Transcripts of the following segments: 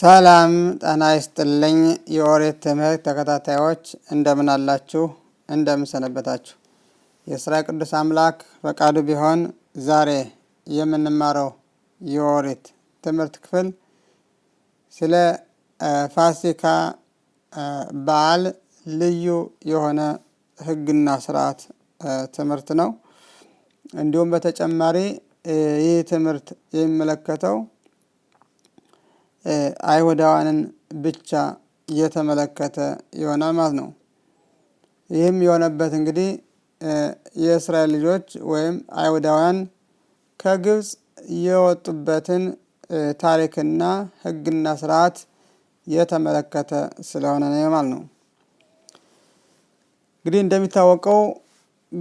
ሰላም ጠና ይስጥልኝ። የኦሪት ትምህርት ተከታታዮች እንደምን አላችሁ? እንደምን ሰነበታችሁ? የእስራኤል ቅዱስ አምላክ ፈቃዱ ቢሆን ዛሬ የምንማረው የኦሪት ትምህርት ክፍል ስለ ፋሲካ በዓል ልዩ የሆነ ሕግና ስርዓት ትምህርት ነው። እንዲሁም በተጨማሪ ይህ ትምህርት የሚመለከተው አይሁዳውያንን ብቻ እየተመለከተ ይሆናል ማለት ነው። ይህም የሆነበት እንግዲህ የእስራኤል ልጆች ወይም አይሁዳውያን ከግብፅ የወጡበትን ታሪክና ሕግና ስርዓት የተመለከተ ስለሆነ ነው ማለት ነው። እንግዲህ እንደሚታወቀው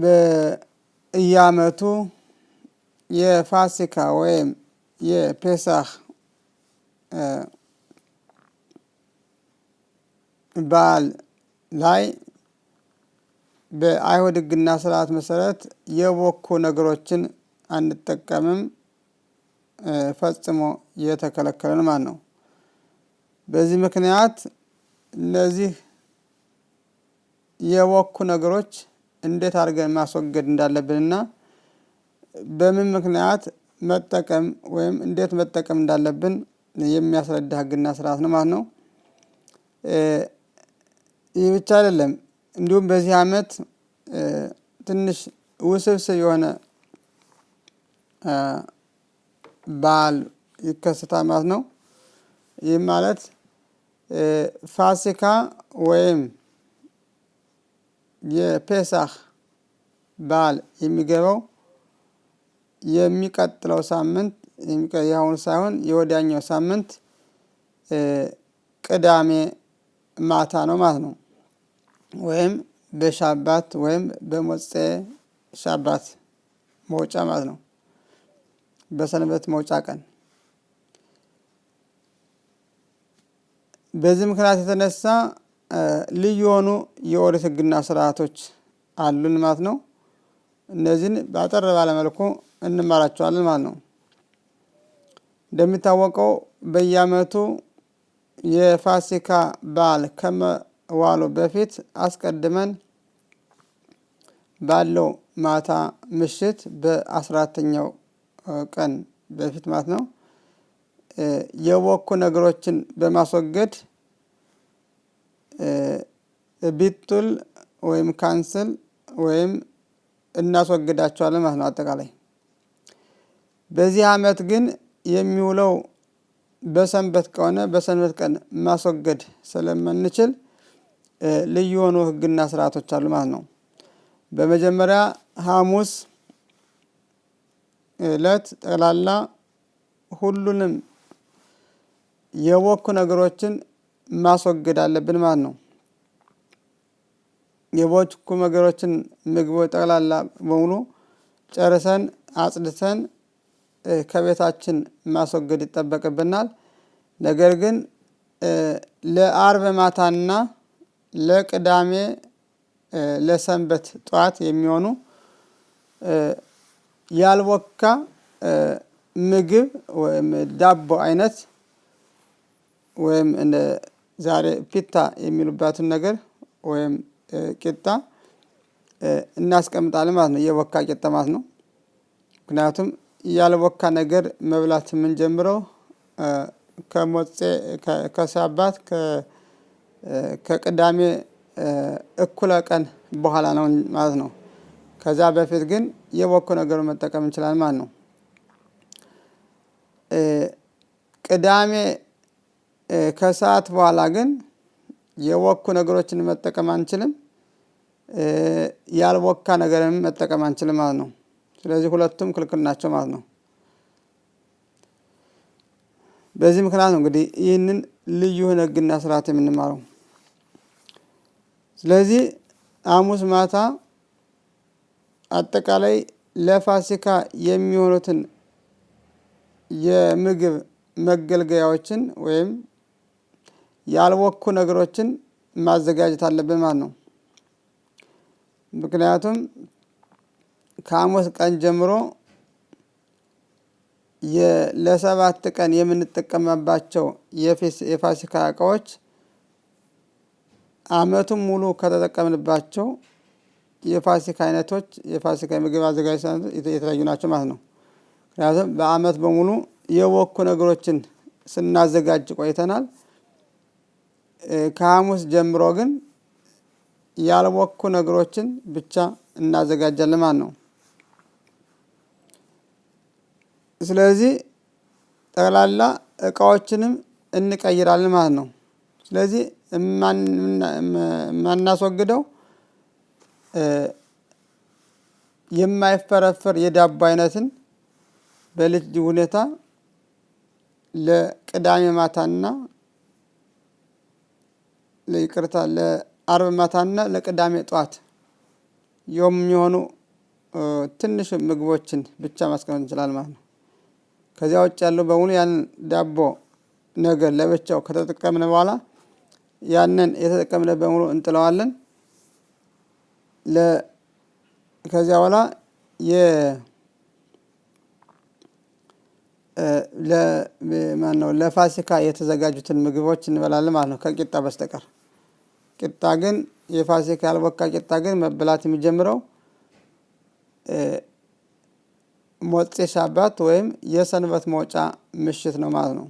በየአመቱ የፋሲካ ወይም የፔሳህ በዓል ላይ በአይሁድ ሕግና ስርዓት መሰረት የቦኩ ነገሮችን አንጠቀምም። ፈጽሞ የተከለከለን ማለት ነው። በዚህ ምክንያት እነዚህ የቦኩ ነገሮች እንዴት አድርገን ማስወገድ እንዳለብንና በምን ምክንያት መጠቀም ወይም እንዴት መጠቀም እንዳለብን የሚያስረዳ ህግና ስርዓት ነው ማለት ነው። ይህ ብቻ አይደለም። እንዲሁም በዚህ አመት ትንሽ ውስብስብ የሆነ በዓል ይከሰታል ማለት ነው። ይህም ማለት ፋሲካ ወይም የፔሳህ በዓል የሚገባው የሚቀጥለው ሳምንት የአሁኑ ሳይሆን የወዲያኛው ሳምንት ቅዳሜ ማታ ነው ማለት ነው። ወይም በሻባት ወይም በሞፀ ሻባት መውጫ ማለት ነው። በሰንበት መውጫ ቀን በዚህ ምክንያት የተነሳ ልዩ የሆኑ የኦሪት ሕግና ስርዓቶች አሉን ማለት ነው። እነዚህን በአጠር ባለመልኩ እንማራቸዋለን ማለት ነው። እንደሚታወቀው በየዓመቱ የፋሲካ በዓል ከመዋሉ በፊት አስቀድመን ባለው ማታ ምሽት በአስራተኛው ቀን በፊት ማለት ነው የወኩ ነገሮችን በማስወገድ ቢቱል ወይም ካንስል ወይም እናስወግዳቸዋለን ማለት ነው። አጠቃላይ በዚህ ዓመት ግን የሚውለው በሰንበት ከሆነ በሰንበት ቀን ማስወገድ ስለምንችል ልዩ የሆኑ ህግና ስርዓቶች አሉ ማለት ነው። በመጀመሪያ ሐሙስ እለት ጠቅላላ ሁሉንም የቦኩ ነገሮችን ማስወገድ አለብን ማለት ነው። የቦኩ ነገሮችን ምግቦች ጠቅላላ በሙሉ ጨርሰን አጽድተን ከቤታችን ማስወገድ ይጠበቅብናል። ነገር ግን ለአርብ ማታና ለቅዳሜ ለሰንበት ጠዋት የሚሆኑ ያልቦካ ምግብ ወይም ዳቦ አይነት ወይም ዛሬ ፒታ የሚሉባትን ነገር ወይም ቂጣ እናስቀምጣለን ማለት ነው። የቦካ ቂጣ ማለት ነው። ምክንያቱም ያልቦካ ነገር መብላት የምንጀምረው ከሞፄ ከሳባት ከቅዳሜ እኩለ ቀን በኋላ ነው ማለት ነው። ከዛ በፊት ግን የወኩ ነገሩ መጠቀም እንችላል ማለት ነው። ቅዳሜ ከሰዓት በኋላ ግን የወኩ ነገሮችን መጠቀም አንችልም። ያልቦካ ነገርንም መጠቀም አንችልም ማለት ነው። ስለዚህ ሁለቱም ክልክል ናቸው ማለት ነው። በዚህ ምክንያት ነው እንግዲህ ይህንን ልዩ የሆነ ህግና ስርዓት የምንማረው። ስለዚህ ሐሙስ ማታ አጠቃላይ ለፋሲካ የሚሆኑትን የምግብ መገልገያዎችን ወይም ያልወኩ ነገሮችን ማዘጋጀት አለብን ማለት ነው። ምክንያቱም ከሐሙስ ቀን ጀምሮ ለሰባት ቀን የምንጠቀማባቸው የፋሲካ እቃዎች አመቱን ሙሉ ከተጠቀምንባቸው የፋሲካ አይነቶች የፋሲካ የምግብ አዘጋጅ የተለያዩ ናቸው ማለት ነው። ምክንያቱም በአመት በሙሉ የወኩ ነገሮችን ስናዘጋጅ ቆይተናል። ከሐሙስ ጀምሮ ግን ያልወኩ ነገሮችን ብቻ እናዘጋጃለን ማለት ነው። ስለዚህ ጠቅላላ እቃዎችንም እንቀይራለን ማለት ነው። ስለዚህ የማናስወግደው የማይፈረፈር የዳቦ አይነትን በልጅ ሁኔታ ለቅዳሜ ማታና ለይቅርታ ለአርብ ማታና ለቅዳሜ ጠዋት የሚሆኑ ትንሽ ምግቦችን ብቻ ማስቀመጥ እንችላለን ማለት ነው። ከዚያ ውጭ ያለው በሙሉ ያን ዳቦ ነገር ለብቻው ከተጠቀምን በኋላ ያንን የተጠቀምነ በሙሉ እንጥለዋለን። ከዚያ በኋላ ነው ለፋሲካ የተዘጋጁትን ምግቦች እንበላለን ማለት ነው፣ ከቂጣ በስተቀር። ቂጣ ግን የፋሲካ ያልቦካ ቂጣ ግን መበላት የሚጀምረው ሞጤ ሻባት ወይም የሰንበት መውጫ ምሽት ነው ማለት ነው።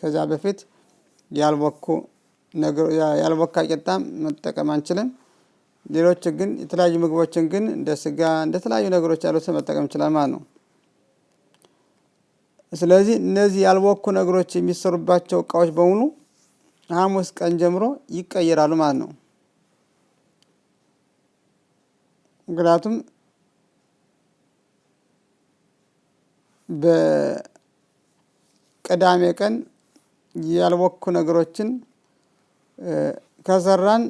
ከዚያ በፊት ያልቦኩ ያልቦካ ቂጣ መጠቀም አንችልም። ሌሎች ግን የተለያዩ ምግቦችን ግን እንደ ስጋ እንደተለያዩ ነገሮች ያሉትን መጠቀም ይችላል ማለት ነው። ስለዚህ እነዚህ ያልቦኩ ነገሮች የሚሰሩባቸው እቃዎች በሙሉ ሐሙስ ቀን ጀምሮ ይቀየራሉ ማለት ነው። ምክንያቱም በቅዳሜ ቀን ያልወኩ ነገሮችን ከሰራን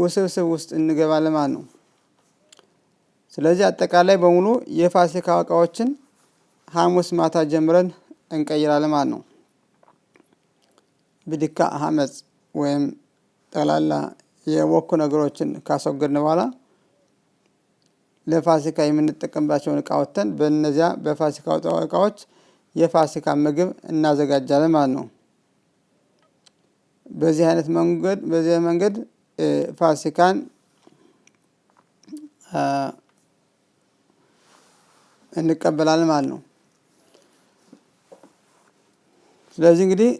ውስብስብ ውስጥ እንገባ ማለት ነው። ስለዚህ አጠቃላይ በሙሉ የፋሲካ እቃዎችን ሐሙስ ማታ ጀምረን እንቀይራ ማለት ነው። ብድካ ሀመፅ ወይም ጠቅላላ የወኩ ነገሮችን ካስወገድን በኋላ ለፋሲካ የምንጠቀምባቸውን እቃ ወጥተን በእነዚያ በፋሲካ እቃዎች የፋሲካ ምግብ እናዘጋጃለን ማለት ነው። በዚህ አይነት መንገድ በዚህ መንገድ ፋሲካን እንቀበላለን ማለት ነው። ስለዚህ እንግዲህ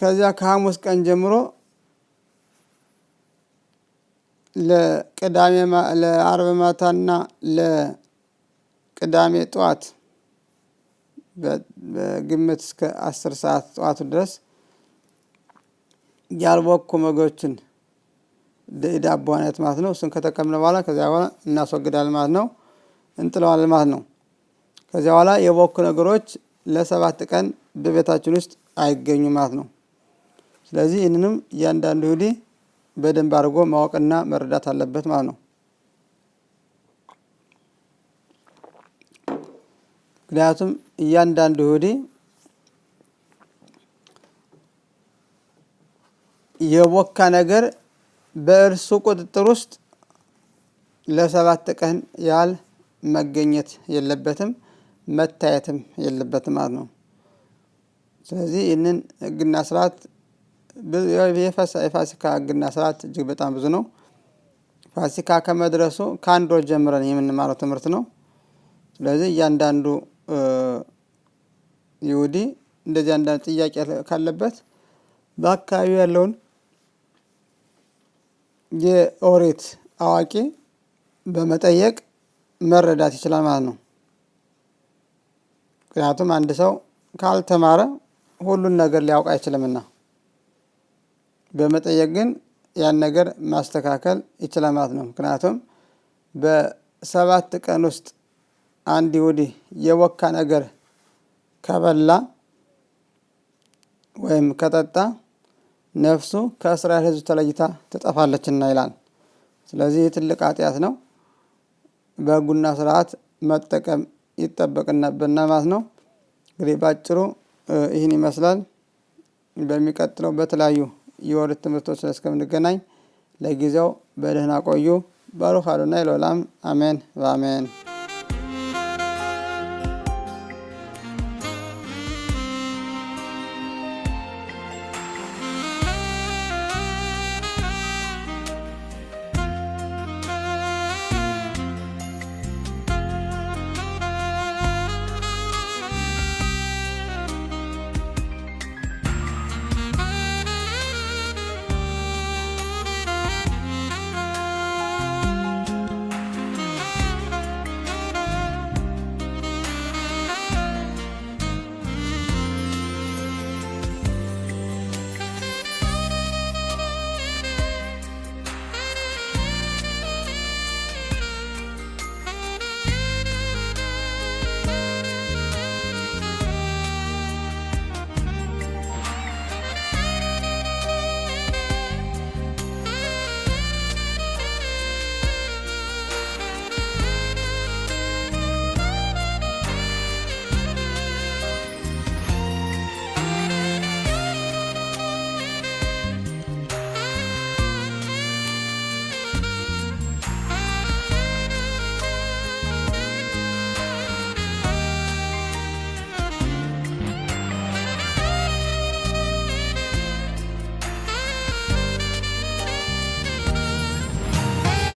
ከዚያ ከሐሙስ ቀን ጀምሮ ለቅዳሜ ለአርብ ማታና ለቅዳሜ ጠዋት በግምት እስከ አስር ሰዓት ጠዋቱ ድረስ ያልቦኩ ምግቦችን ዳቦ አይነት ማለት ነው። እሱን ከተቀምነ በኋላ ከዚያ በኋላ እናስወግዳለን ማለት ነው፣ እንጥለዋለን ማለት ነው። ከዚያ በኋላ የቦኩ ነገሮች ለሰባት ቀን በቤታችን ውስጥ አይገኙ ማለት ነው። ስለዚህ ይህንንም እያንዳንዱ ይሁዲ በደንብ አድርጎ ማወቅና መረዳት አለበት ማለት ነው። ምክንያቱም እያንዳንዱ ይሁዴ የቦካ ነገር በእርሱ ቁጥጥር ውስጥ ለሰባት ቀን ያህል መገኘት የለበትም፣ መታየትም የለበትም ማለት ነው። ስለዚህ ይህንን ህግና ስርዓት የፋሲካ ህግና ስርዓት እጅግ በጣም ብዙ ነው። ፋሲካ ከመድረሱ ከአንድ ወር ጀምረን የምንማረው ትምህርት ነው። ስለዚህ እያንዳንዱ ይሁዲ እንደዚህ አንዳንድ ጥያቄ ካለበት በአካባቢው ያለውን የኦሪት አዋቂ በመጠየቅ መረዳት ይችላል ማለት ነው። ምክንያቱም አንድ ሰው ካልተማረ ሁሉን ነገር ሊያውቅ አይችልምና በመጠየቅ ግን ያን ነገር ማስተካከል ይችላል ማለት ነው። ምክንያቱም በሰባት ቀን ውስጥ አንድ ይሁዲ የወካ ነገር ከበላ ወይም ከጠጣ ነፍሱ ከእስራኤል ሕዝብ ተለይታ ትጠፋለችና ይላል። ስለዚህ ትልቅ ኃጢአት ነው። በሕጉና ስርዓት መጠቀም ይጠበቅነብና ማለት ነው። እንግዲህ ባጭሩ ይህን ይመስላል። በሚቀጥለው በተለያዩ የወር ትምህርቶችን እስከምንገናኝ ለጊዜው በደህና ቆዩ። ባሩክ አዶናይ ለዓለም አሜን በአሜን